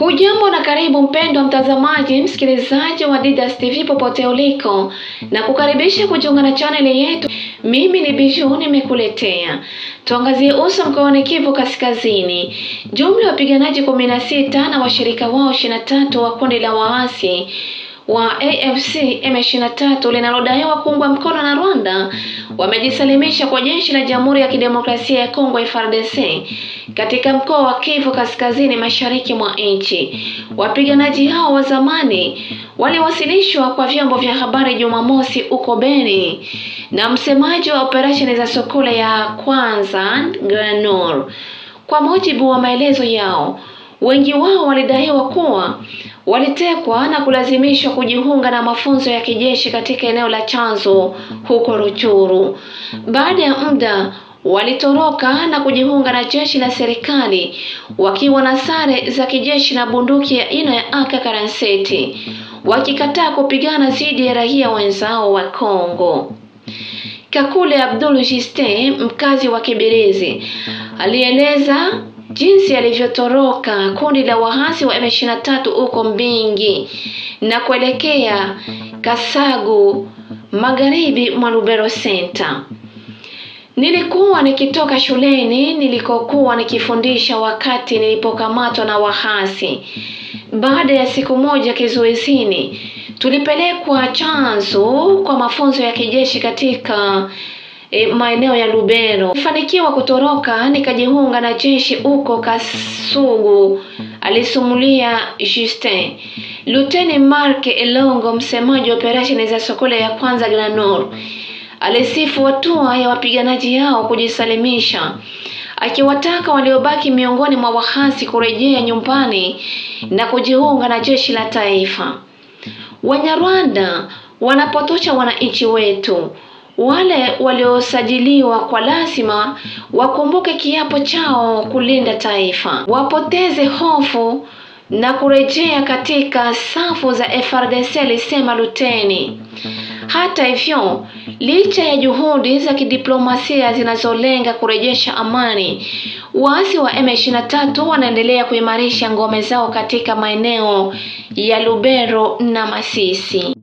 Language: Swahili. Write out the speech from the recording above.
Hujambo na karibu mpendwa mtazamaji, msikilizaji wa Didas TV popote uliko, na kukaribisha kujiunga na chaneli yetu. Mimi ni Bijuu nimekuletea. Tuangazie uso mkoani Kivu Kaskazini. Jumla ya wapiganaji 16 na washirika wao 23 wa kundi la waasi wa AFC M23 linalodaiwa kuungwa mkono na Rwanda wamejisalimisha kwa jeshi la Jamhuri ya Kidemokrasia ya Kongo FARDC katika mkoa wa Kivu kaskazini mashariki mwa nchi. Wapiganaji hao wa zamani waliwasilishwa kwa vyombo vya habari Jumamosi huko Beni na msemaji wa operesheni za Sokola ya kwanza Granor. Kwa mujibu wa maelezo yao Wengi wao walidaiwa kuwa walitekwa na kulazimishwa kujiunga na mafunzo ya kijeshi katika eneo la Chanzo huko Ruchuru. Baada ya muda walitoroka na kujiunga na jeshi la serikali wakiwa na sare za kijeshi na bunduki ya aina ya AK-47 wakikataa kupigana dhidi ya raia wenzao wa Kongo. Kakule Abdul Jiste, mkazi wa Kibirizi, alieleza jinsi alivyotoroka kundi la waasi wa M23 huko Mbingi na kuelekea Kasagu magharibi mwa Lubero Center. Nilikuwa nikitoka shuleni nilikokuwa nikifundisha wakati nilipokamatwa na wahasi. Baada ya siku moja kizuizini, tulipelekwa Chanzu kwa mafunzo ya kijeshi katika e, maeneo ya Lubero. Nilifanikiwa kutoroka nikajiunga na jeshi huko Kasugu, alisumulia Justin. Luteni Mark Elongo, msemaji wa operesheni za Sokola ya kwanza Glanor, alisifu hatua ya wapiganaji hao kujisalimisha, akiwataka waliobaki miongoni mwa wahasi kurejea nyumbani na kujiunga na jeshi la taifa. Wanyarwanda wanapotosha wananchi wetu. Wale waliosajiliwa kwa lazima wakumbuke kiapo chao kulinda taifa, wapoteze hofu na kurejea katika safu za frdc alisema Luteni. Hata hivyo, licha ya juhudi za kidiplomasia zinazolenga kurejesha amani, waasi wa M23 wanaendelea kuimarisha ngome zao katika maeneo ya Lubero na Masisi.